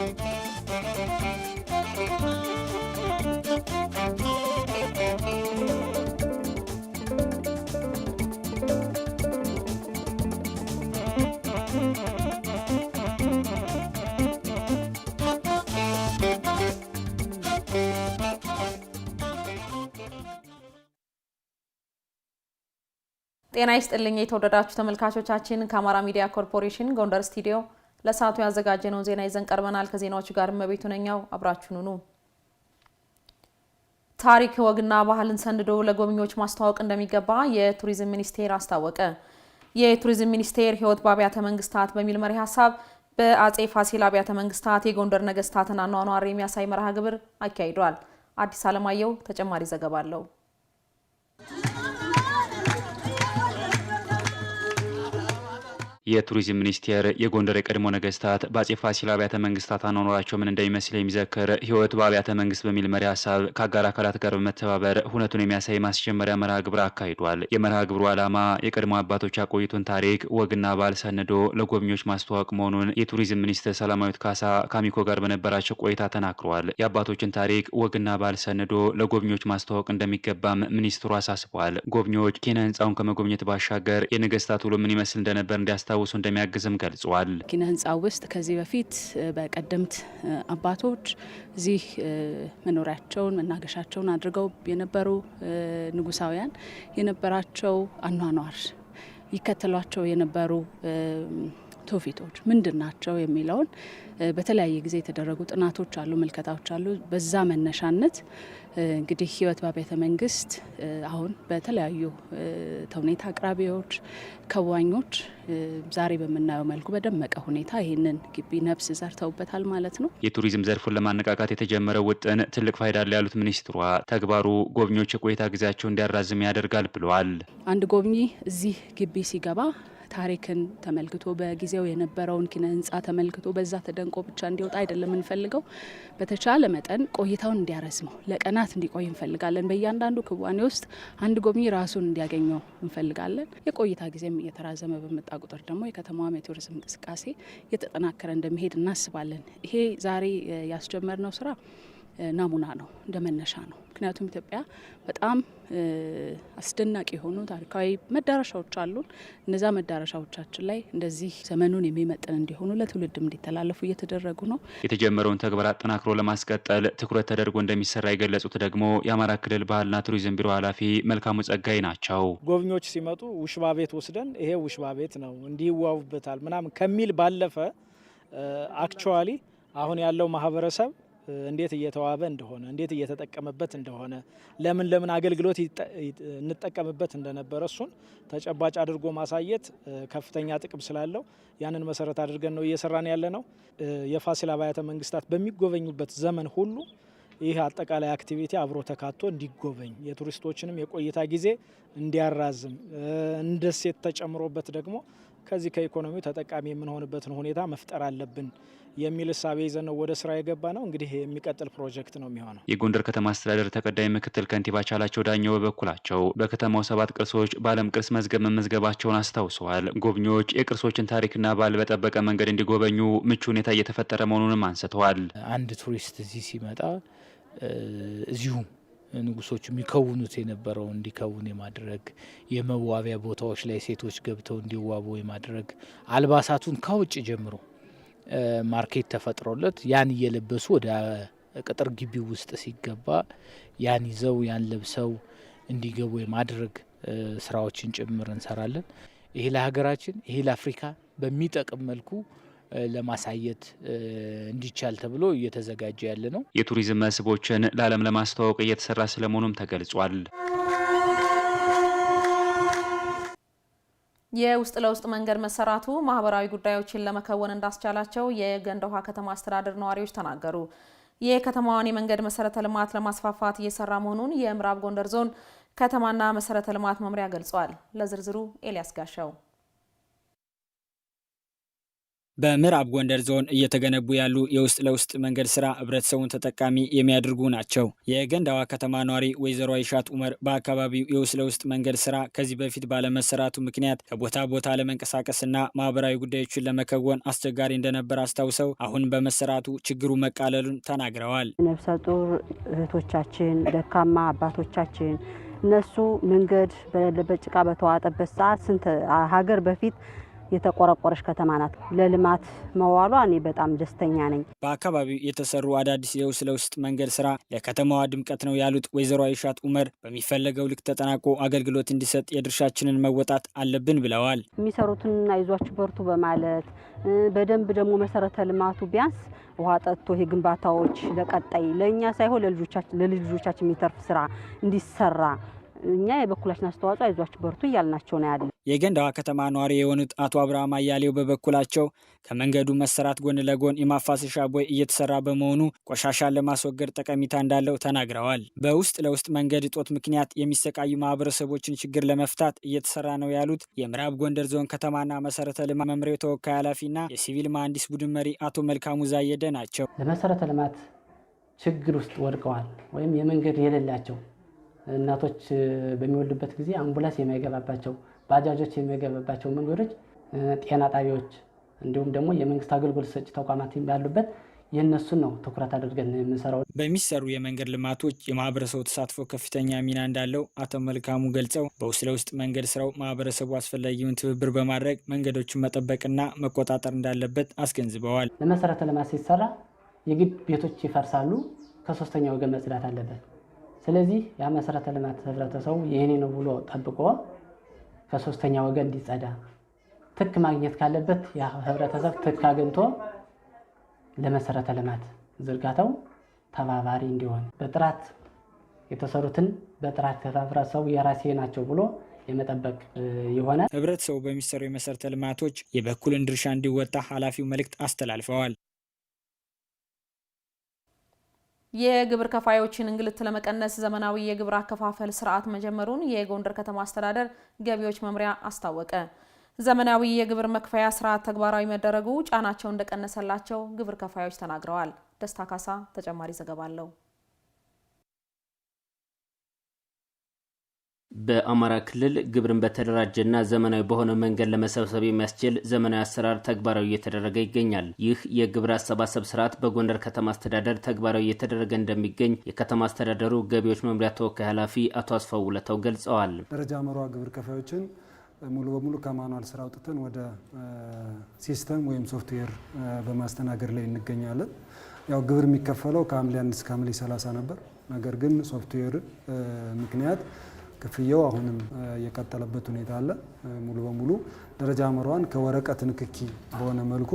ጤና ይስጥልኝ የተወደዳችሁ ተመልካቾቻችን፣ ከአማራ ሚዲያ ኮርፖሬሽን ጎንደር ስቱዲዮ ለሰዓቱ ያዘጋጀነውን ዜና ይዘን ቀርበናል። ከዜናዎቹ ጋር መቤቱ ነኛው አብራችሁን ሁኑ። ታሪክ ወግና ባህልን ሰንዶ ለጎብኚዎች ማስተዋወቅ እንደሚገባ የቱሪዝም ሚኒስቴር አስታወቀ። የቱሪዝም ሚኒስቴር ሕይወት በአብያተ መንግስታት በሚል መሪ ሀሳብ በአጼ ፋሲል አብያተ መንግስታት የጎንደር ነገስታትን አኗኗር የሚያሳይ መርሃ ግብር አካሂዷል። አዲስ አለማየሁ ተጨማሪ ዘገባ አለው። የቱሪዝም ሚኒስቴር የጎንደር የቀድሞ ነገስታት በአጼ ፋሲል አብያተ መንግስታት አኗኗራቸው ምን እንደሚመስል የሚዘክር ህይወት በአብያተ መንግስት በሚል መሪ ሀሳብ ከአጋር አካላት ጋር በመተባበር ሁነቱን የሚያሳይ ማስጀመሪያ መርሃ ግብር አካሂዷል። የመርሃ ግብሩ ዓላማ የቀድሞ አባቶች አቆይቱን ታሪክ ወግና ባህል ሰንዶ ለጎብኚዎች ማስተዋወቅ መሆኑን የቱሪዝም ሚኒስትር ሰላማዊት ካሳ ከአሚኮ ጋር በነበራቸው ቆይታ ተናግረዋል። የአባቶችን ታሪክ ወግና ባህል ሰንዶ ለጎብኚዎች ማስተዋወቅ እንደሚገባም ሚኒስትሩ አሳስቧል። ጎብኚዎች ኪነ ህንፃውን ከመጎብኘት ባሻገር የነገስታት ውሎ ምን ይመስል እንደነበር እንዲያስታ እንዲያስታውሱ እንደሚያግዝም ገልጿል። ኪነ ህንፃ ውስጥ ከዚህ በፊት በቀደምት አባቶች እዚህ መኖሪያቸውን መናገሻቸውን አድርገው የነበሩ ንጉሳውያን የነበራቸው አኗኗር ይከተሏቸው የነበሩ ትውፊቶች ምንድን ናቸው የሚለውን በተለያየ ጊዜ የተደረጉ ጥናቶች አሉ፣ ምልከታዎች አሉ። በዛ መነሻነት እንግዲህ ህይወት በቤተ መንግስት አሁን በተለያዩ ተውኔት አቅራቢዎች፣ ከዋኞች ዛሬ በምናየው መልኩ በደመቀ ሁኔታ ይህንን ግቢ ነብስ ዘርተውበታል ማለት ነው። የቱሪዝም ዘርፉን ለማነቃቃት የተጀመረው ውጥን ትልቅ ፋይዳ አለ ያሉት ሚኒስትሯ፣ ተግባሩ ጎብኚዎች የቆይታ ጊዜያቸው እንዲያራዝም ያደርጋል ብለዋል። አንድ ጎብኚ እዚህ ግቢ ሲገባ ታሪክን ተመልክቶ በጊዜው የነበረውን ኪነ ህንጻ ተመልክቶ በዛ ተደንቆ ብቻ እንዲወጣ አይደለም የምንፈልገው። በተቻለ መጠን ቆይታውን እንዲያረዝመው ለቀናት እንዲቆይ እንፈልጋለን። በእያንዳንዱ ክዋኔ ውስጥ አንድ ጎብኚ ራሱን እንዲያገኘው እንፈልጋለን። የቆይታ ጊዜም እየተራዘመ በመጣ ቁጥር ደግሞ የከተማዋም የቱሪዝም እንቅስቃሴ እየተጠናከረ እንደሚሄድ እናስባለን። ይሄ ዛሬ ያስጀመርነው ስራ ናሙና ነው፣ እንደ መነሻ ነው። ምክንያቱም ኢትዮጵያ በጣም አስደናቂ የሆኑ ታሪካዊ መዳረሻዎች አሉን። እነዛ መዳረሻዎቻችን ላይ እንደዚህ ዘመኑን የሚመጥን እንዲሆኑ ለትውልድም እንዲተላለፉ እየተደረጉ ነው። የተጀመረውን ተግባር አጠናክሮ ለማስቀጠል ትኩረት ተደርጎ እንደሚሰራ የገለጹት ደግሞ የአማራ ክልል ባህልና ቱሪዝም ቢሮ ኃላፊ መልካሙ ጸጋይ ናቸው። ጎብኚዎች ሲመጡ ውሽባ ቤት ወስደን ይሄ ውሽባ ቤት ነው እንዲዋቡበታል ምናምን ከሚል ባለፈ አክቹዋሊ አሁን ያለው ማህበረሰብ እንዴት እየተዋበ እንደሆነ እንዴት እየተጠቀመበት እንደሆነ ለምን ለምን አገልግሎት እንጠቀምበት እንደነበረ እሱን ተጨባጭ አድርጎ ማሳየት ከፍተኛ ጥቅም ስላለው ያንን መሰረት አድርገን ነው እየሰራን ያለ ነው። የፋሲል አብያተ መንግስታት በሚጎበኙበት ዘመን ሁሉ ይህ አጠቃላይ አክቲቪቲ አብሮ ተካቶ እንዲጎበኝ የቱሪስቶችንም የቆይታ ጊዜ እንዲያራዝም እንደሴት ተጨምሮበት ደግሞ ከዚህ ከኢኮኖሚው ተጠቃሚ የምንሆንበትን ሁኔታ መፍጠር አለብን የሚል እሳቤ ይዘን ነው ወደ ስራ የገባ ነው። እንግዲህ የሚቀጥል ፕሮጀክት ነው የሚሆነው። የጎንደር ከተማ አስተዳደር ተቀዳሚ ምክትል ከንቲባ ቻላቸው ዳኘው በበኩላቸው በከተማው ሰባት ቅርሶች በዓለም ቅርስ መዝገብ መመዝገባቸውን አስታውሰዋል። ጎብኚዎች የቅርሶችን ታሪክና ባህል በጠበቀ መንገድ እንዲጎበኙ ምቹ ሁኔታ እየተፈጠረ መሆኑንም አንስተዋል። አንድ ቱሪስት እዚህ ሲመጣ እዚሁም ንጉሶቹ የሚከውኑት የነበረው እንዲከውን የማድረግ የመዋቢያ ቦታዎች ላይ ሴቶች ገብተው እንዲዋቡ የማድረግ አልባሳቱን ከውጭ ጀምሮ ማርኬት ተፈጥሮለት ያን እየለበሱ ወደ ቅጥር ግቢ ውስጥ ሲገባ ያን ይዘው ያን ለብሰው እንዲገቡ የማድረግ ስራዎችን ጭምር እንሰራለን። ይሄ ለሀገራችን ይሄ ለአፍሪካ በሚጠቅም መልኩ ለማሳየት እንዲቻል ተብሎ እየተዘጋጀ ያለ ነው። የቱሪዝም መስህቦችን ለዓለም ለማስተዋወቅ እየተሰራ ስለመሆኑም ተገልጿል። የውስጥ ለውስጥ መንገድ መሰራቱ ማህበራዊ ጉዳዮችን ለመከወን እንዳስቻላቸው የገንደ ውሃ ከተማ አስተዳደር ነዋሪዎች ተናገሩ። የከተማዋን የመንገድ መሰረተ ልማት ለማስፋፋት እየሰራ መሆኑን የምዕራብ ጎንደር ዞን ከተማና መሰረተ ልማት መምሪያ ገልጿል። ለዝርዝሩ ኤልያስ ጋሻው በምዕራብ ጎንደር ዞን እየተገነቡ ያሉ የውስጥ ለውስጥ መንገድ ስራ ህብረተሰቡን ተጠቃሚ የሚያደርጉ ናቸው። የገንዳዋ ከተማ ነዋሪ ወይዘሮ አይሻት ኡመር በአካባቢው የውስጥ ለውስጥ መንገድ ስራ ከዚህ በፊት ባለመሰራቱ ምክንያት ከቦታ ቦታ ለመንቀሳቀስና ማህበራዊ ጉዳዮችን ለመከወን አስቸጋሪ እንደነበር አስታውሰው አሁን በመሰራቱ ችግሩ መቃለሉን ተናግረዋል። ነፍሰ ጡር እህቶቻችን፣ ደካማ አባቶቻችን እነሱ መንገድ በጭቃ በተዋጠበት ሰዓት ስንት ሀገር በፊት የተቆረቆረች ከተማ ናት። ለልማት መዋሏ እኔ በጣም ደስተኛ ነኝ። በአካባቢው የተሰሩ አዳዲስ የውስጥ ለውስጥ መንገድ ስራ ለከተማዋ ድምቀት ነው ያሉት ወይዘሮ አይሻት ኡመር በሚፈለገው ልክ ተጠናቆ አገልግሎት እንዲሰጥ የድርሻችንን መወጣት አለብን ብለዋል። የሚሰሩትንና ይዟችሁ በርቱ በማለት በደንብ ደግሞ መሰረተ ልማቱ ቢያንስ ውሃ ጠጥቶ ይሄ ግንባታዎች ለቀጣይ ለእኛ ሳይሆን ለልጆቻችን የሚተርፍ ስራ እንዲሰራ እኛ የበኩላችን አስተዋጽኦ አይዟችሁ በርቱ እያልናቸው ነው ያለ። የገንዳዋ ከተማ ነዋሪ የሆኑት አቶ አብርሃም አያሌው በበኩላቸው ከመንገዱ መሰራት ጎን ለጎን የማፋሰሻ ቦይ እየተሰራ በመሆኑ ቆሻሻን ለማስወገድ ጠቀሜታ እንዳለው ተናግረዋል። በውስጥ ለውስጥ መንገድ እጦት ምክንያት የሚሰቃዩ ማህበረሰቦችን ችግር ለመፍታት እየተሰራ ነው ያሉት የምዕራብ ጎንደር ዞን ከተማና መሰረተ ልማት መምሬ ተወካይ ኃላፊና የሲቪል መሐንዲስ ቡድን መሪ አቶ መልካሙ ዛየደ ናቸው። ለመሰረተ ልማት ችግር ውስጥ ወድቀዋል ወይም የመንገድ የሌላቸው እናቶች በሚወልዱበት ጊዜ አምቡላንስ የማይገባባቸው ባጃጆች የማይገባባቸው መንገዶች፣ ጤና ጣቢያዎች እንዲሁም ደግሞ የመንግስት አገልግሎት ሰጪ ተቋማት ባሉበት የእነሱን ነው ትኩረት አድርገን የምንሰራው። በሚሰሩ የመንገድ ልማቶች የማህበረሰቡ ተሳትፎ ከፍተኛ ሚና እንዳለው አቶ መልካሙ ገልጸው በውስጥ ለውስጥ መንገድ ስራው ማህበረሰቡ አስፈላጊውን ትብብር በማድረግ መንገዶችን መጠበቅና መቆጣጠር እንዳለበት አስገንዝበዋል። ለመሰረተ ልማት ሲሰራ የግድ ቤቶች ይፈርሳሉ፣ ከሶስተኛ ወገን መጽዳት አለበት። ስለዚህ ያ መሰረተ ልማት ህብረተሰቡ ይህኔ ነው ብሎ ጠብቆ ከሶስተኛ ወገን እንዲጸዳ ትክ ማግኘት ካለበት ያ ህብረተሰብ ትክ አግኝቶ ለመሰረተ ልማት ዝርጋታው ተባባሪ እንዲሆን በጥራት የተሰሩትን በጥራት ህብረተሰቡ የራሴ ናቸው ብሎ የመጠበቅ ይሆናል። ህብረተሰቡ በሚሰሩ የመሰረተ ልማቶች የበኩልን ድርሻ እንዲወጣ ኃላፊው መልእክት አስተላልፈዋል። የግብር ከፋዮችን እንግልት ለመቀነስ ዘመናዊ የግብር አከፋፈል ስርዓት መጀመሩን የጎንደር ከተማ አስተዳደር ገቢዎች መምሪያ አስታወቀ። ዘመናዊ የግብር መክፈያ ስርዓት ተግባራዊ መደረጉ ጫናቸው እንደቀነሰላቸው ግብር ከፋዮች ተናግረዋል። ደስታ ካሳ ተጨማሪ ዘገባ አለው። በአማራ ክልል ግብርን በተደራጀና ዘመናዊ በሆነ መንገድ ለመሰብሰብ የሚያስችል ዘመናዊ አሰራር ተግባራዊ እየተደረገ ይገኛል። ይህ የግብር አሰባሰብ ስርዓት በጎንደር ከተማ አስተዳደር ተግባራዊ እየተደረገ እንደሚገኝ የከተማ አስተዳደሩ ገቢዎች መምሪያ ተወካይ ኃላፊ አቶ አስፋው ውለተው ገልጸዋል። ደረጃ መሯ ግብር ከፋዮችን ሙሉ በሙሉ ከማኗል ስራ አውጥተን ወደ ሲስተም ወይም ሶፍትዌር በማስተናገድ ላይ እንገኛለን። ያው ግብር የሚከፈለው ከሐምሌ አንድ እስከ ሐምሌ ሰላሳ ነበር። ነገር ግን ሶፍትዌር ምክንያት ክፍያው አሁንም የቀጠለበት ሁኔታ አለ። ሙሉ በሙሉ ደረጃ መሯን ከወረቀት ንክኪ በሆነ መልኩ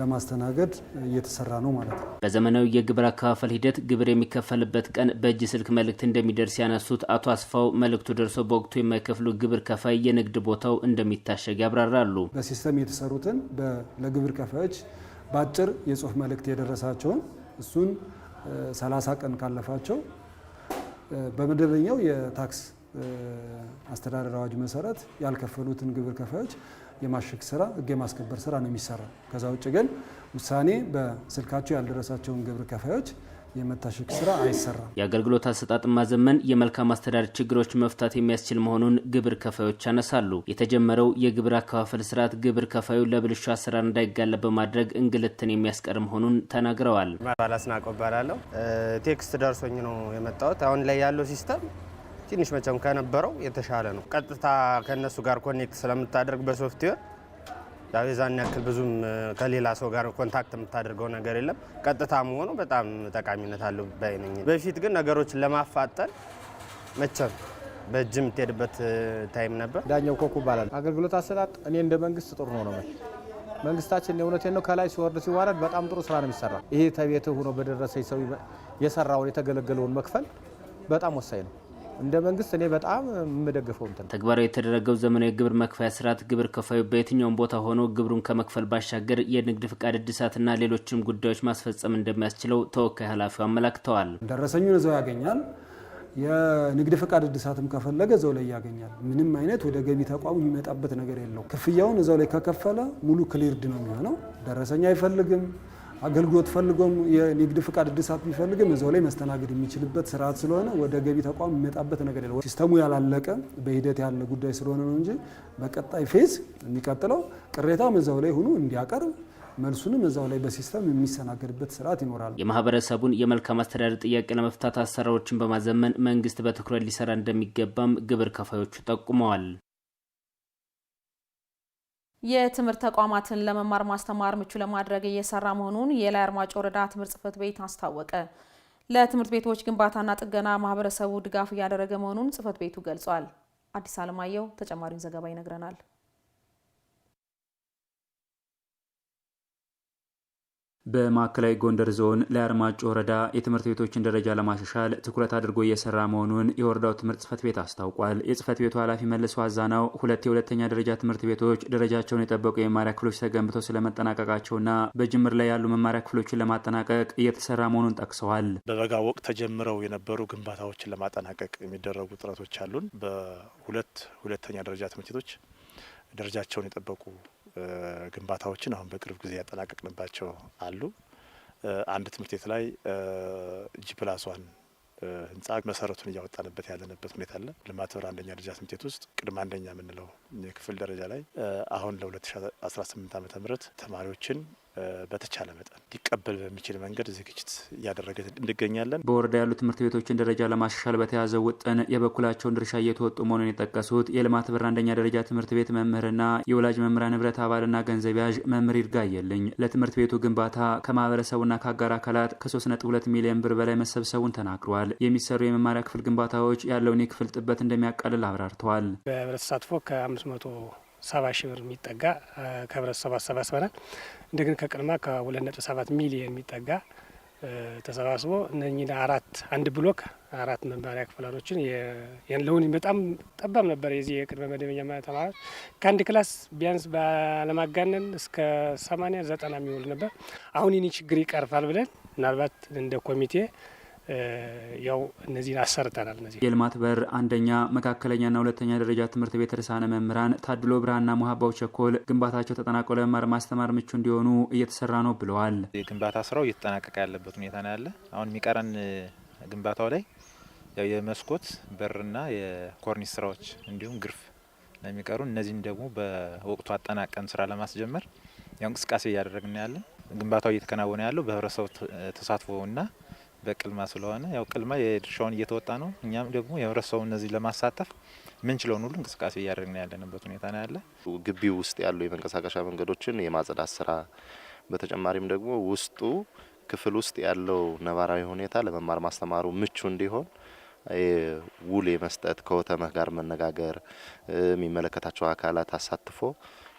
ለማስተናገድ እየተሰራ ነው ማለት ነው። በዘመናዊ የግብር አከፋፈል ሂደት ግብር የሚከፈልበት ቀን በእጅ ስልክ መልእክት እንደሚደርስ ያነሱት አቶ አስፋው መልእክቱ ደርሶ በወቅቱ የማይከፍሉ ግብር ከፋይ የንግድ ቦታው እንደሚታሸግ ያብራራሉ። በሲስተም የተሰሩትን ለግብር ከፋዮች በአጭር የጽሁፍ መልእክት የደረሳቸውን እሱን 30 ቀን ካለፋቸው በመደበኛው የታክስ አስተዳደር አዋጅ መሰረት ያልከፈሉትን ግብር ከፋዮች የማሸግ ስራ ህግ የማስከበር ስራ ነው የሚሰራ። ከዛ ውጭ ግን ውሳኔ በስልካቸው ያልደረሳቸውን ግብር ከፋዮች የመታሸግ ስራ አይሰራም። የአገልግሎት አሰጣጥ ማዘመን የመልካም አስተዳደር ችግሮች መፍታት የሚያስችል መሆኑን ግብር ከፋዮች ያነሳሉ። የተጀመረው የግብር አከፋፈል ስርዓት ግብር ከፋዩ ለብልሹ አሰራር እንዳይጋለብ በማድረግ እንግልትን የሚያስቀር መሆኑን ተናግረዋል። ባላስናቆ እባላለሁ። ቴክስት ደርሶኝ ነው የመጣሁት። አሁን ላይ ያለው ሲስተም ትንሽ መቼም ከነበረው የተሻለ ነው። ቀጥታ ከነሱ ጋር ኮኔክት ስለምታደርግ በሶፍትዌር ያው የዛን ያክል ብዙም ከሌላ ሰው ጋር ኮንታክት የምታደርገው ነገር የለም። ቀጥታ መሆኑ በጣም ጠቃሚነት አለው ባይነኝ። በፊት ግን ነገሮችን ለማፋጠን መቼም በእጅ የምትሄድበት ታይም ነበር። ዳኛው ኮኩ ይባላል። አገልግሎት አሰጣጥ እኔ እንደ መንግስት ጥሩ ነው ነው መንግስታችን የእውነቴን ነው። ከላይ ሲወርድ ሲዋረድ በጣም ጥሩ ስራ ነው የሚሰራ። ይሄ ተቤት ሆኖ በደረሰ ሰው የሰራውን የተገለገለውን መክፈል በጣም ወሳኝ ነው። እንደ መንግስት እኔ በጣም የምደግፈው እንትን ተግባራዊ የተደረገው ዘመናዊ ግብር መክፈያ ስርዓት ግብር ከፋዩ በየትኛውም ቦታ ሆኖ ግብሩን ከመክፈል ባሻገር የንግድ ፍቃድ እድሳትና ሌሎችም ጉዳዮች ማስፈጸም እንደሚያስችለው ተወካይ ኃላፊው አመላክተዋል። ደረሰኙን እዛው ያገኛል። የንግድ ፍቃድ እድሳትም ከፈለገ እዛው ላይ ያገኛል። ምንም አይነት ወደ ገቢ ተቋሙ የሚመጣበት ነገር የለው። ክፍያውን እዛው ላይ ከከፈለ ሙሉ ክሊርድ ነው የሚሆነው። ደረሰኛ አይፈልግም። አገልግሎት ፈልጎም የንግድ ፍቃድ እድሳት ቢፈልግም እዛው ላይ መስተናገድ የሚችልበት ስርዓት ስለሆነ ወደ ገቢ ተቋም የሚመጣበት ነገር የለም። ሲስተሙ ያላለቀ በሂደት ያለ ጉዳይ ስለሆነ ነው እንጂ በቀጣይ ፌዝ የሚቀጥለው ቅሬታ እዛው ላይ ሆኖ እንዲያቀርብ መልሱንም እዛው ላይ በሲስተም የሚሰናገድበት ስርዓት ይኖራል። የማህበረሰቡን የመልካም አስተዳደር ጥያቄ ለመፍታት አሰራሮችን በማዘመን መንግስት በትኩረት ሊሰራ እንደሚገባም ግብር ከፋዮቹ ጠቁመዋል። የትምህርት ተቋማትን ለመማር ማስተማር ምቹ ለማድረግ እየሰራ መሆኑን የላይ አርማጭ ወረዳ ትምህርት ጽፈት ቤት አስታወቀ። ለትምህርት ቤቶች ግንባታና ጥገና ማህበረሰቡ ድጋፍ እያደረገ መሆኑን ጽህፈት ቤቱ ገልጿል። አዲስ አለማየሁ ተጨማሪውን ዘገባ ይነግረናል። በማዕከላዊ ጎንደር ዞን ለአርማጭ ወረዳ የትምህርት ቤቶችን ደረጃ ለማሻሻል ትኩረት አድርጎ እየሰራ መሆኑን የወረዳው ትምህርት ጽፈት ቤት አስታውቋል። የጽፈት ቤቱ ኃላፊ መልሶ አዛናው ሁለት የሁለተኛ ደረጃ ትምህርት ቤቶች ደረጃቸውን የጠበቁ የመማሪያ ክፍሎች ተገንብተው ስለመጠናቀቃቸውና በጅምር ላይ ያሉ መማሪያ ክፍሎችን ለማጠናቀቅ እየተሰራ መሆኑን ጠቅሰዋል። በበጋ ወቅት ተጀምረው የነበሩ ግንባታዎችን ለማጠናቀቅ የሚደረጉ ጥረቶች አሉን። በሁለት ሁለተኛ ደረጃ ትምህርት ቤቶች ደረጃቸውን የጠበቁ ግንባታዎችን አሁን በቅርብ ጊዜ ያጠናቀቅንባቸው አሉ። አንድ ትምህርት ቤት ላይ ጂ ፕላስ ዋን ህንጻ መሰረቱን እያወጣንበት ያለንበት ሁኔታ አለ። ልማት ህብር አንደኛ ደረጃ ትምህርት ቤት ውስጥ ቅድመ አንደኛ የምንለው የክፍል ደረጃ ላይ አሁን ለ2018 ዓ ም ተማሪዎችን በተቻለ መጠን ሊቀበል በሚችል መንገድ ዝግጅት እያደረገ እንገኛለን። በወረዳ ያሉ ትምህርት ቤቶችን ደረጃ ለማሻሻል በተያዘው ውጥን የበኩላቸውን ድርሻ እየተወጡ መሆኑን የጠቀሱት የልማት ብር አንደኛ ደረጃ ትምህርት ቤት መምህርና የወላጅ መምህራን ህብረት አባልና ገንዘብ ያዥ መምህር ይርጋየልኝ ለትምህርት ቤቱ ግንባታ ከማህበረሰቡና ከአጋር አካላት ከ3.2 ሚሊዮን ብር በላይ መሰብሰቡን ተናግረዋል። የሚሰሩ የመማሪያ ክፍል ግንባታዎች ያለውን የክፍል ጥበት እንደሚያቃልል አብራርተዋል። በህብረት ተሳትፎ ከ500 ሰባ ሺህ ብር የሚጠጋ ከህብረተሰቡ አሰባስበናል። እንደግን ከቅድማ ከሁለት ነጥብ ሰባት ሚሊየን የሚጠጋ ተሰባስቦ እነኝን አራት አንድ ብሎክ አራት መማሪያ ክፍላሎችን ለሁን በጣም ጠባብ ነበር። የዚህ የቅድመ መደበኛ ተማሪዎች ከአንድ ክላስ ቢያንስ ባለማጋነን እስከ ሰማኒያ ዘጠና የሚውል ነበር። አሁን ይህን ችግር ይቀርፋል ብለን ምናልባት እንደ ኮሚቴ ያው እነዚህን አሰርተናል። እነዚህ የልማት በር አንደኛ መካከለኛና ሁለተኛ ደረጃ ትምህርት ቤት ርዕሳነ መምህራን ታድሎ ብርሃና ሙሀባው ቸኮል ግንባታቸው ተጠናቆ ለመማር ማስተማር ምቹ እንዲሆኑ እየተሰራ ነው ብለዋል። የግንባታ ስራው እየተጠናቀቀ ያለበት ሁኔታ ነው ያለ። አሁን የሚቀረን ግንባታው ላይ ያው የመስኮት በርና የኮርኒስ ስራዎች እንዲሁም ግርፍ ለሚቀሩ እነዚህን ደግሞ በወቅቱ አጠናቀን ስራ ለማስጀመር ያው እንቅስቃሴ እያደረግን ያለን። ግንባታው እየተከናወነ ያለው በህብረተሰቡ ተሳትፎና በቅልማ ስለሆነ ያው ቅልማ የድርሻውን እየተወጣ ነው። እኛም ደግሞ የህብረተሰቡ እነዚህ ለማሳተፍ ምንችለውን ሁሉ እንቅስቃሴ እያደረግን ያለንበት ሁኔታ ነው ያለ። ግቢው ውስጥ ያሉ የመንቀሳቀሻ መንገዶችን የማጽዳት ስራ፣ በተጨማሪም ደግሞ ውስጡ ክፍል ውስጥ ያለው ነባራዊ ሁኔታ ለመማር ማስተማሩ ምቹ እንዲሆን ውል የመስጠት ከወተመህ ጋር መነጋገር የሚመለከታቸው አካላት አሳትፎ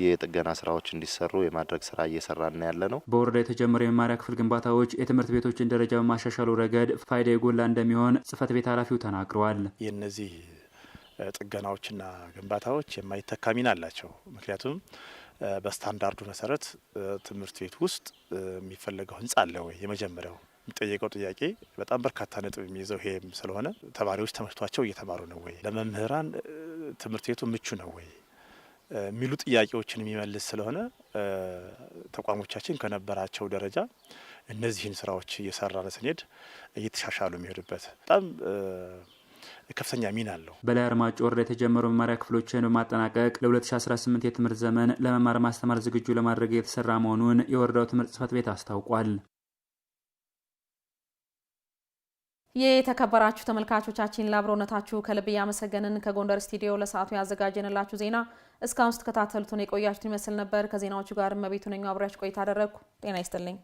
የጥገና ስራዎች እንዲሰሩ የማድረግ ስራ እየሰራና ያለ ነው። በወረዳ የተጀመረው የመማሪያ ክፍል ግንባታዎች የትምህርት ቤቶችን ደረጃ በማሻሻሉ ረገድ ፋይዳ የጎላ እንደሚሆን ጽህፈት ቤት ኃላፊው ተናግረዋል። የነዚህ ጥገናዎችና ግንባታዎች የማይተካ ሚና አላቸው። ምክንያቱም በስታንዳርዱ መሰረት ትምህርት ቤት ውስጥ የሚፈለገው ህንጻ አለ ወይ? የመጀመሪያው የሚጠየቀው ጥያቄ በጣም በርካታ ነጥብ የሚይዘው ይሄም ስለሆነ ተማሪዎች ተመችቷቸው እየተማሩ ነው ወይ? ለመምህራን ትምህርት ቤቱ ምቹ ነው ወይ? የሚሉ ጥያቄዎችን የሚመልስ ስለሆነ ተቋሞቻችን ከነበራቸው ደረጃ እነዚህን ስራዎች እየሰራ ስንሄድ እየተሻሻሉ የሚሄድበት በጣም ከፍተኛ ሚና አለው። በላይ አርማጭሆ ወረዳ የተጀመሩ መማሪያ ክፍሎችን በማጠናቀቅ ለ2018 የትምህርት ዘመን ለመማር ማስተማር ዝግጁ ለማድረግ የተሰራ መሆኑን የወረዳው ትምህርት ጽሕፈት ቤት አስታውቋል። የተከበራችሁ ተመልካቾቻችን ለአብሮነታችሁ ከልብ እያመሰገንን ከጎንደር ስቱዲዮ ለሰዓቱ ያዘጋጀንላችሁ ዜና እስካሁን ስትከታተሉትን የቆያችሁትን ይመስል ነበር። ከዜናዎቹ ጋር እመቤቱ ነኝ አብሬያችሁ ቆይታ አደረግኩ። ጤና ይስጥልኝ።